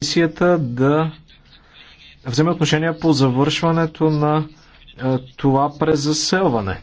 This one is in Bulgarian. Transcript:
комисията да вземе отношение по завършването на това презаселване.